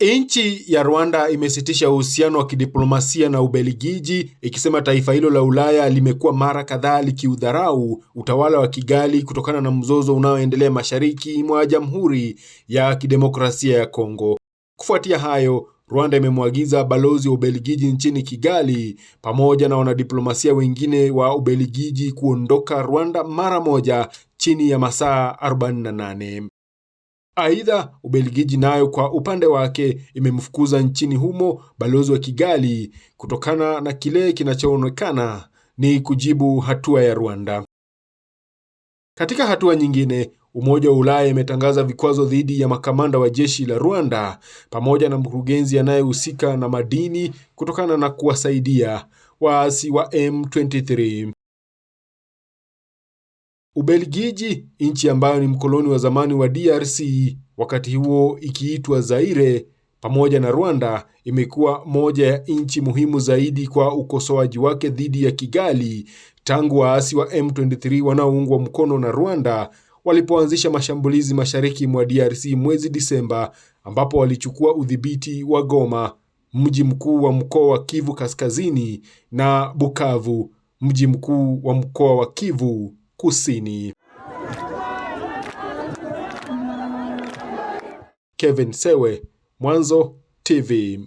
Nchi ya Rwanda imesitisha uhusiano wa kidiplomasia na Ubelgiji ikisema taifa hilo la Ulaya limekuwa mara kadhaa likiudharau utawala wa Kigali kutokana na mzozo unaoendelea mashariki mwa Jamhuri ya Kidemokrasia ya Kongo. Kufuatia hayo, Rwanda imemwagiza balozi wa Ubelgiji nchini Kigali pamoja na wanadiplomasia wengine wa Ubelgiji kuondoka Rwanda mara moja chini ya masaa 48. Aidha, Ubelgiji nayo kwa upande wake imemfukuza nchini humo balozi wa Kigali kutokana na kile kinachoonekana ni kujibu hatua ya Rwanda. Katika hatua nyingine, Umoja wa Ulaya imetangaza vikwazo dhidi ya makamanda wa jeshi la Rwanda pamoja na mkurugenzi anayehusika na madini kutokana na kuwasaidia waasi wa M23. Ubelgiji, nchi ambayo ni mkoloni wa zamani wa DRC, wakati huo ikiitwa Zaire, pamoja na Rwanda, imekuwa moja ya nchi muhimu zaidi kwa ukosoaji wake dhidi ya Kigali tangu waasi wa M23 wanaoungwa mkono na Rwanda walipoanzisha mashambulizi mashariki mwa DRC mwezi Disemba, ambapo walichukua udhibiti wa Goma, mji mkuu wa mkoa wa Kivu Kaskazini, na Bukavu, mji mkuu wa mkoa wa Kivu Kusini. Kevin Sewe, Mwanzo TV.